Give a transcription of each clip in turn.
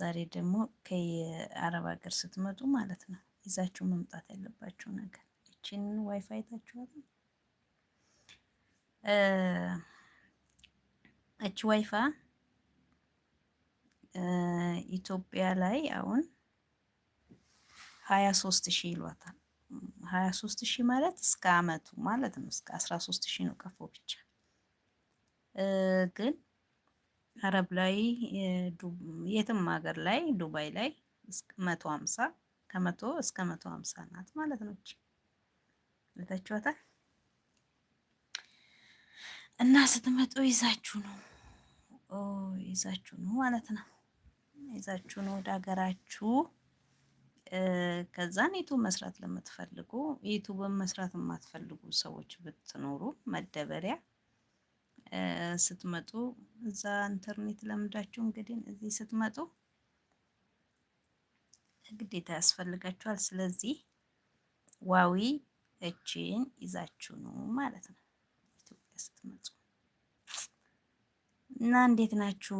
ዛሬ ደግሞ ከየአረብ ሀገር ስትመጡ ማለት ነው ይዛችሁ መምጣት ያለባችሁ ነገር ይችን ዋይፋይ ታችኋል። እች ዋይፋ ኢትዮጵያ ላይ አሁን ሀያ ሶስት ሺህ ይሏታል። ሀያ ሶስት ሺህ ማለት እስከ አመቱ ማለት ነው። እስከ አስራ ሶስት ሺህ ነው ቀፎ ብቻ ግን አረብ ላይ የትም ሀገር ላይ ዱባይ ላይ መቶ ሀምሳ ከመቶ እስከ መቶ ሀምሳ ናት ማለት ነው። ለታችኋታል እና ስትመጡ ይዛችሁ ነው ይዛችሁ ነው ማለት ነው። ይዛችሁ ነው ወደ ሀገራችሁ። ከዛን ዩቱብ መስራት ለምትፈልጉ ዩቱብን መስራት የማትፈልጉ ሰዎች ብትኖሩ መደበሪያ ስትመጡ እዛ ኢንተርኔት ለምዳችሁ እንግዲህ እዚህ ስትመጡ ግዴታ ያስፈልጋችኋል። ስለዚህ ዋዊ እችን ይዛችሁ ነው ማለት ነው ኢትዮጵያ ስትመጡ እና እንዴት ናችሁ?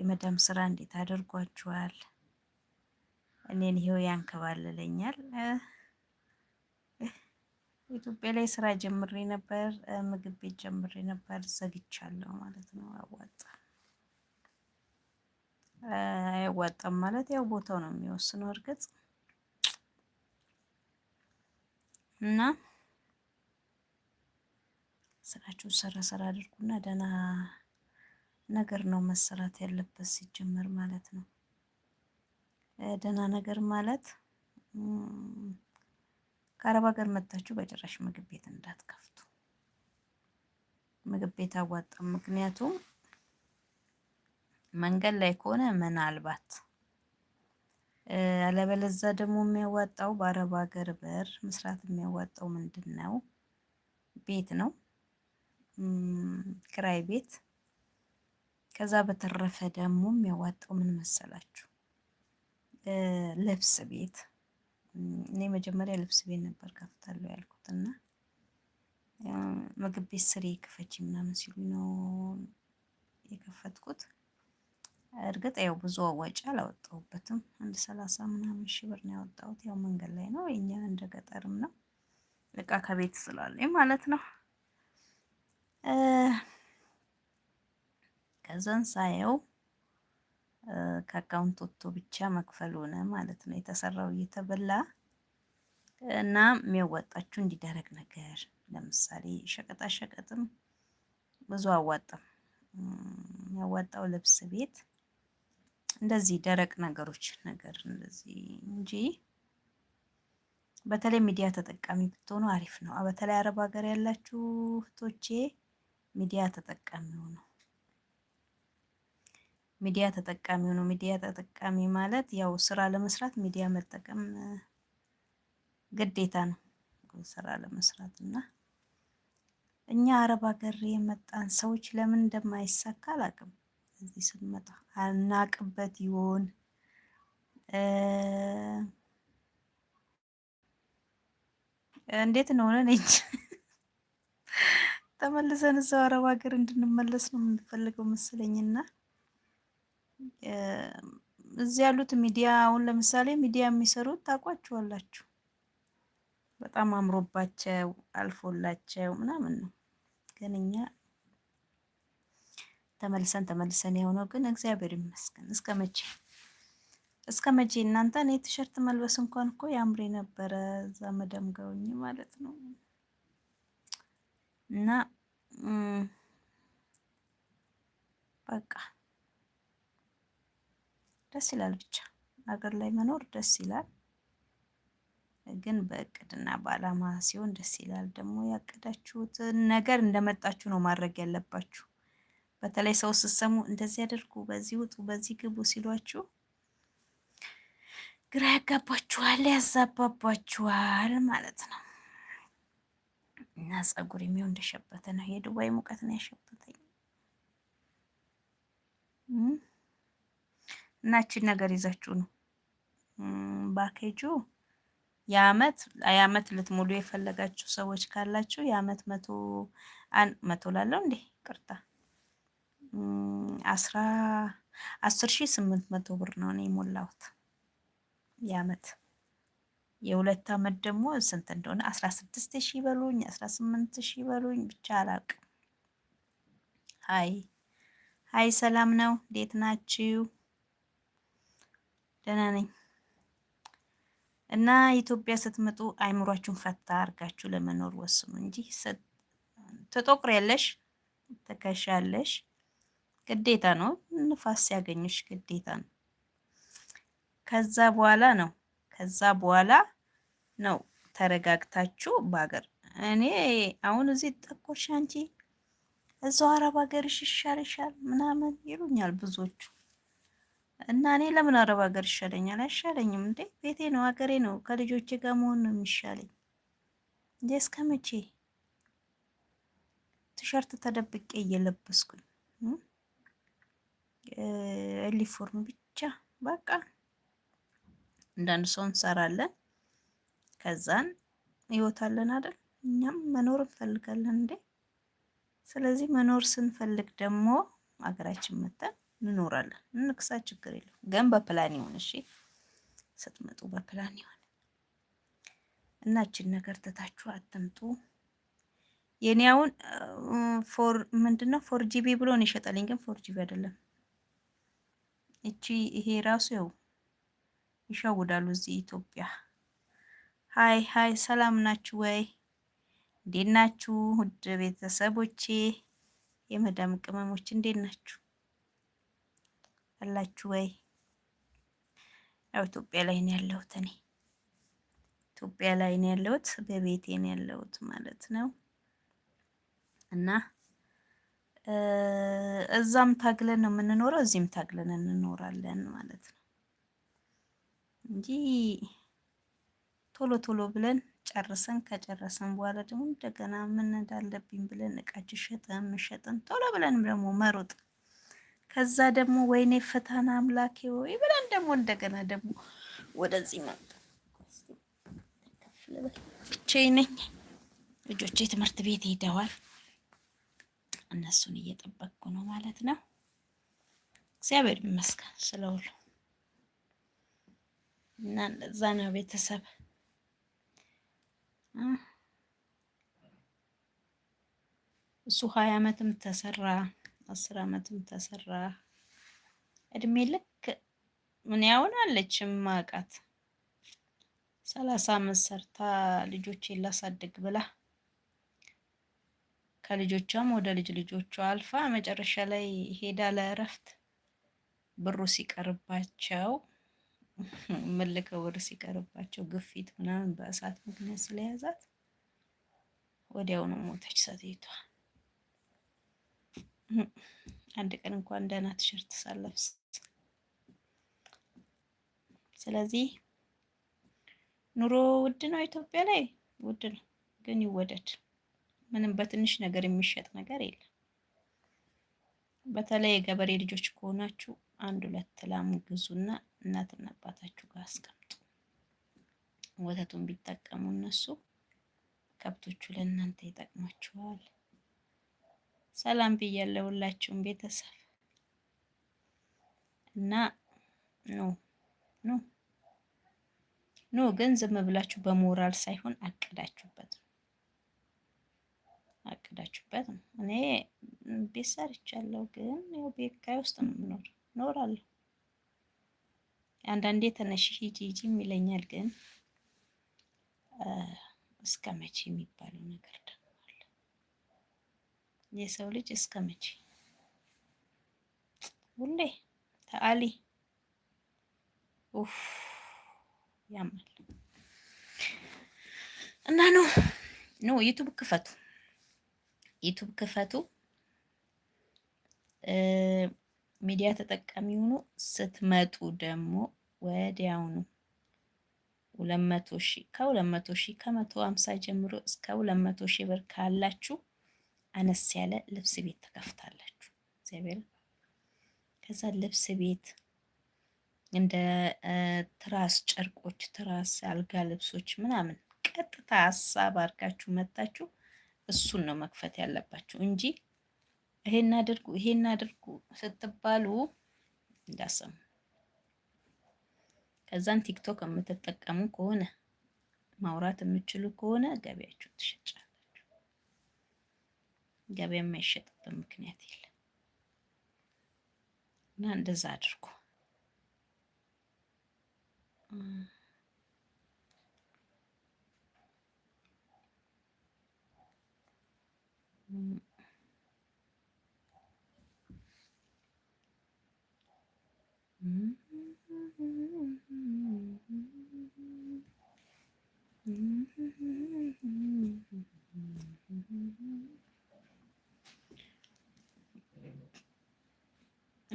የመዳም ስራ እንዴት አድርጓችኋል? እኔን ይሄው ያንከባልለኛል። ኢትዮጵያ ላይ ስራ ጀምሬ ነበር፣ ምግብ ቤት ጀምሬ ነበር። ዘግቻለሁ ማለት ነው። አያዋጣ አያዋጣም ማለት ያው ቦታው ነው የሚወስነው እርግጥ እና ስራችሁን ሰራ ሰራ አድርጉና ደህና ነገር ነው መሰራት ያለበት ሲጀመር ማለት ነው። ደህና ነገር ማለት ከአረብ ሀገር መታችሁ በጭራሽ ምግብ ቤት እንዳትከፍቱ። ምግብ ቤት አዋጣም። ምክንያቱም መንገድ ላይ ከሆነ ምናልባት አለበለዛ ደግሞ የሚያዋጣው በአረብ ሀገር በር መስራት የሚያዋጣው ምንድን ነው? ቤት ነው፣ ክራይ ቤት። ከዛ በተረፈ ደግሞ የሚያዋጣው ምን መሰላችሁ? ልብስ ቤት እኔ መጀመሪያ ልብስ ቤት ነበር ከፍታለሁ ያልኩት እና ምግብ ቤት ስሬ ክፈች ምናምን ሲሉ ነው የከፈትኩት። እርግጥ ያው ብዙ አዋጭ አላወጣሁበትም። አንድ ሰላሳ ምናምን ሺህ ብር ነው ያወጣሁት። ያው መንገድ ላይ ነው የኛ እንደ ገጠርም ነው እቃ ከቤት ስላለኝ ማለት ነው። ከዛን ሳየው ከአካውንት ወጥቶ ብቻ መክፈል ሆነ ማለት ነው። የተሰራው እየተበላ እና የሚያዋጣችሁ እንዲደረግ ነገር ለምሳሌ ሸቀጣ ሸቀጥም ብዙ አዋጣም የሚያዋጣው ልብስ ቤት እንደዚህ ደረቅ ነገሮች ነገር እንደዚህ እንጂ በተለይ ሚዲያ ተጠቃሚ ብትሆኑ አሪፍ ነው። በተለይ አረብ ሀገር ያላችሁ እህቶቼ ሚዲያ ተጠቃሚ ሆኑ። ሚዲያ ተጠቃሚ ነው። ሚዲያ ተጠቃሚ ማለት ያው ስራ ለመስራት ሚዲያ መጠቀም ግዴታ ነው፣ ስራ ለመስራት እና እኛ አረብ ሀገር የመጣን ሰዎች ለምን እንደማይሳካ አላቅም። እዚህ ስንመጣ አናቅበት ይሆን እንዴት ነው ነን እንጂ ተመልሰን እዛው አረብ ሀገር እንድንመለስ ነው የምንፈልገው መሰለኝና እዚህ ያሉት ሚዲያ አሁን ለምሳሌ ሚዲያ የሚሰሩት ታውቋቸዋላችሁ። በጣም አምሮባቸው አልፎላቸው ምናምን ነው። ግን እኛ ተመልሰን ተመልሰን የሆነው ግን እግዚአብሔር ይመስገን። እስከ መቼ እስከ መቼ እናንተ እኔ ቲሸርት መልበስ እንኳን እኮ ያምሬ ነበረ እዛ መደምገውኝ ማለት ነው እና በቃ ደስ ይላል። ብቻ ሀገር ላይ መኖር ደስ ይላል፣ ግን በእቅድና በአላማ ሲሆን ደስ ይላል። ደግሞ ያቀዳችሁትን ነገር እንደመጣችሁ ነው ማድረግ ያለባችሁ። በተለይ ሰው ስትሰሙ እንደዚህ አድርጉ፣ በዚህ ውጡ፣ በዚህ ግቡ ሲሏችሁ ግራ ያጋባችኋል፣ ያዛባባችኋል ማለት ነው። እና ጸጉር የሚሆን እንደሸበተ ነው። የዱባይ ሙቀት ነው ያሸበተኝ። እናችን ነገር ይዛችሁ ነው ባኬጁ የአመት የአመት ልትሞሉ የፈለጋችሁ ሰዎች ካላችሁ የአመት መቶ መቶ ላለው እንዴ ቅርታ አስራ አስር ሺ ስምንት መቶ ብር ነው እኔ የሞላሁት የአመት የሁለት አመት ደግሞ ስንት እንደሆነ አስራ ስድስት ሺ በሉኝ አስራ ስምንት ሺ በሉኝ ብቻ አላቅም። ሀይ ሀይ፣ ሰላም ነው። እንዴት ናችሁ? ደህና ነኝ። እና ኢትዮጵያ ስትመጡ አይምሯችሁን ፈታ አድርጋችሁ ለመኖር ወስኑ እንጂ ትጠቁሪያለሽ፣ ትከሻለሽ። ግዴታ ነው። ንፋስ ሲያገኝሽ ግዴታ ነው። ከዛ በኋላ ነው ከዛ በኋላ ነው ተረጋግታችሁ በሀገር እኔ አሁን እዚህ ጠቆሽ አንቺ እዛው አረብ ሀገርሽ ይሻልሻል ምናምን ይሉኛል ብዙዎቹ። እና እኔ ለምን አረብ ሀገር ይሻለኛል? አይሻለኝም እንዴ? ቤቴ ነው፣ ሀገሬ ነው። ከልጆቼ ጋር መሆን ነው የሚሻለኝ እንዴ እስከ መቼ ቲሸርት ተደብቄ እየለበስኩኝ ዩኒፎርም ብቻ በቃ እንዳንድ ሰው እንሰራለን፣ ከዛን ህይወታለን አይደል? እኛም መኖር እንፈልጋለን እንዴ። ስለዚህ መኖር ስንፈልግ ደግሞ ሀገራችን መተን እንኖራለን፣ ምንክሳ ችግር የለም ግን በፕላን ይሁን እሺ ስትመጡ በፕላን ይሁን እና እችን ነገር ትታችሁ አትምጡ። የኔ አሁን ፎር ምንድነው ፎር ጂቢ ብሎ ነው ይሸጣልኝ፣ ግን ፎር ጂቢ አይደለም። እቺ ይሄ ራሱ ያው ይሸውዳሉ እዚህ ኢትዮጵያ። ሀይ ሀይ፣ ሰላም ናችሁ ወይ? እንዴት ናችሁ ውድ ቤተሰቦቼ፣ የመዳም ቅመሞች እንዴት ናችሁ? አላችሁ ወይ? ያው ኢትዮጵያ ላይ ነው ያለሁት እኔ ኢትዮጵያ ላይ ነው ያለሁት፣ በቤቴ ነው ያለሁት ማለት ነው። እና እዛም ታግለን ነው የምንኖረው፣ እዚህም ታግለን እንኖራለን ማለት ነው እንጂ ቶሎ ቶሎ ብለን ጨርሰን ከጨረሰን በኋላ ደግሞ እንደገና ምን እንዳለብኝ ብለን እቃችን ሸጠን ምን ሸጠን ቶሎ ብለን ደግሞ መሮጥ ከዛ ደግሞ ወይኔ ፈታና አምላኬ ወይ ብለን ደግሞ እንደገና ደግሞ ወደዚህ መጣ። ብቻዬን ነኝ። ልጆቼ ትምህርት ቤት ሄደዋል። እነሱን እየጠበቅኩ ነው ማለት ነው። እግዚአብሔር ይመስገን ስለውሉ እና እዛ ነው ቤተሰብ እሱ ሀያ አመትም ተሰራ አስር አመትም ተሰራ እድሜ ልክ ምን ያውን አለችም ማቃት ሰላሳ አመት ሰርታ ልጆች ላሳድግ ብላ ከልጆቿም ወደ ልጅ ልጆቿ አልፋ መጨረሻ ላይ ሄዳ ለእረፍት ብሩ ሲቀርባቸው መልከ ወር ሲቀርባቸው ግፊት ምናምን በእሳት ምክንያት ስለያዛት ወዲያውኑ ሞተች ሰትቷል። አንድ ቀን እንኳን ደህና ቲሸርት ሳለብስ። ስለዚህ ኑሮ ውድ ነው፣ ኢትዮጵያ ላይ ውድ ነው፣ ግን ይወደድ። ምንም በትንሽ ነገር የሚሸጥ ነገር የለም። በተለይ የገበሬ ልጆች ከሆናችሁ አንድ ሁለት ላም ግዙና እናትና አባታችሁ ጋር አስቀምጡ። ወተቱን ቢጠቀሙ እነሱ ከብቶቹ ለእናንተ ይጠቅማችኋል። ሰላም ብያለሁ ሁላችሁም ቤተሰብ እና ኑ ኑ ኑ ግን ዝም ብላችሁ በሞራል ሳይሆን አቅዳችሁበት ነው አቅዳችሁበት ነው። እኔ ቤት ሰርቻለሁ፣ ግን ያው ቤት ኪራይ ውስጥ ነው የምኖር እኖራለሁ። አንዳንዴ ተነሽ ሂጂ ሂጂ ይለኛል፣ ግን እስከ መቼ የሚባለው ነገር የሰው ልጅ እስከ መቼ ሁሌ ተአሊ ኡፍ ያማል። እና ኑ ኑ ዩቱብ ክፈቱ፣ ዩቱብ ክፈቱ፣ ሚዲያ ተጠቃሚ ሁኑ። ስትመጡ ደግሞ ወዲያውኑ ሁለት መቶ ሺህ ከሁለት መቶ ሺህ ከመቶ ሀምሳ ጀምሮ እስከ ሁለት መቶ ሺህ ብር ካላችሁ አነስ ያለ ልብስ ቤት ትከፍታላችሁ። እግዚአብሔር ከዛ ልብስ ቤት እንደ ትራስ ጨርቆች፣ ትራስ አልጋ ልብሶች ምናምን ቀጥታ ሀሳብ አድርጋችሁ መጣችሁ እሱን ነው መክፈት ያለባችሁ እንጂ ይሄን አድርጉ ይሄን አድርጉ ስትባሉ እንዳሰሙ። ከዛን ቲክቶክ የምትጠቀሙ ከሆነ ማውራት የምችሉ ከሆነ ገበያችሁ ትሸጫል። ገበያ የማይሸጥበት ምክንያት የለም እና እንደዛ አድርጎ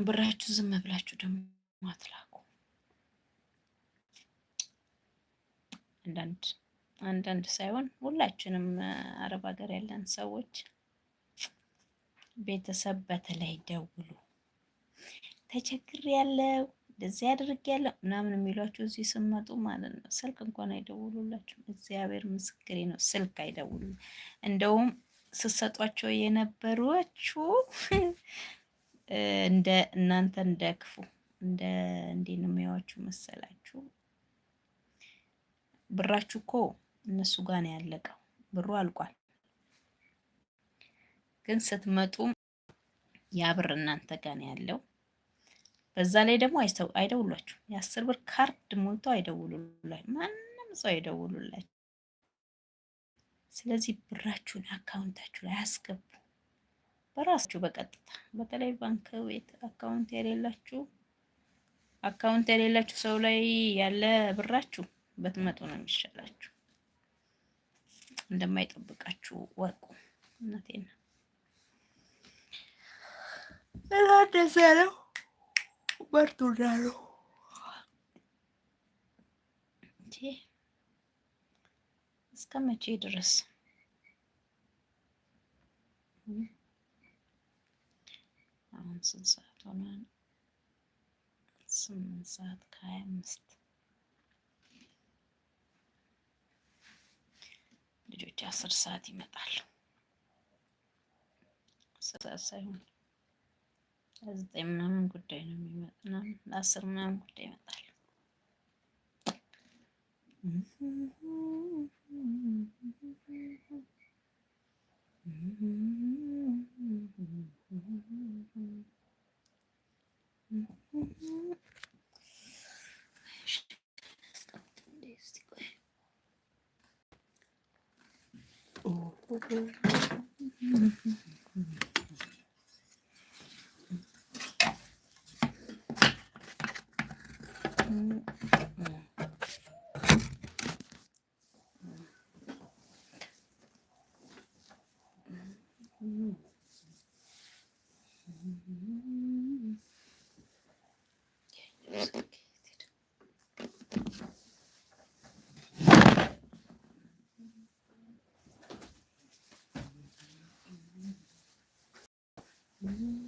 ብራችሁ ዝም ብላችሁ ደግሞ አትላኩ። አንዳንድ አንዳንድ ሳይሆን ሁላችንም አረብ ሀገር ያለን ሰዎች ቤተሰብ በተለይ ደውሉ ተቸግር ያለው እንደዚህ አድርግ ያለው ምናምን የሚሏችሁ እዚህ ስመጡ ማለት ነው። ስልክ እንኳን አይደውሉላችሁም። እግዚአብሔር ምስክሬ ነው። ስልክ አይደውሉ። እንደውም ስሰጧቸው የነበሯችሁ እንደ እናንተ እንደ ክፉ እንደ እንዴት ነው የሚያዋችሁ መሰላችሁ? ብራችሁ እኮ እነሱ ጋር ነው ያለቀው፣ ብሩ አልቋል። ግን ስትመጡም ያ ብር እናንተ ጋር ነው ያለው። በዛ ላይ ደግሞ አይደውሏችሁ። የአስር ብር ካርድ ሞልቶ አይደውሉላችሁ። ማንም ሰው አይደውሉላችሁ። ስለዚህ ብራችሁን አካውንታችሁ ላይ አስገቡ። በራሳችሁ በቀጥታ በተለይ ባንክ ቤት አካውንት የሌላችሁ አካውንት የሌላችሁ ሰው ላይ ያለ ብራችሁ በትመጡ ነው የሚሻላችሁ። እንደማይጠብቃችሁ ወርቁ እናቴና እላደሰ ነው በርቱ ነው እስከ መቼ ድረስ አሁን ስንት ሰዓት ሆኗል? ስምንት ሰዓት ከሀያ አምስት ልጆች አስር ሰዓት ይመጣሉ። አስር ሰዓት ሳይሆን ለዘጠኝ ምናምን ጉዳይ ነው የሚመጣና ለአስር ምናምን ጉዳይ ይመጣሉ። Oh, oh, oh. Mm-hmm.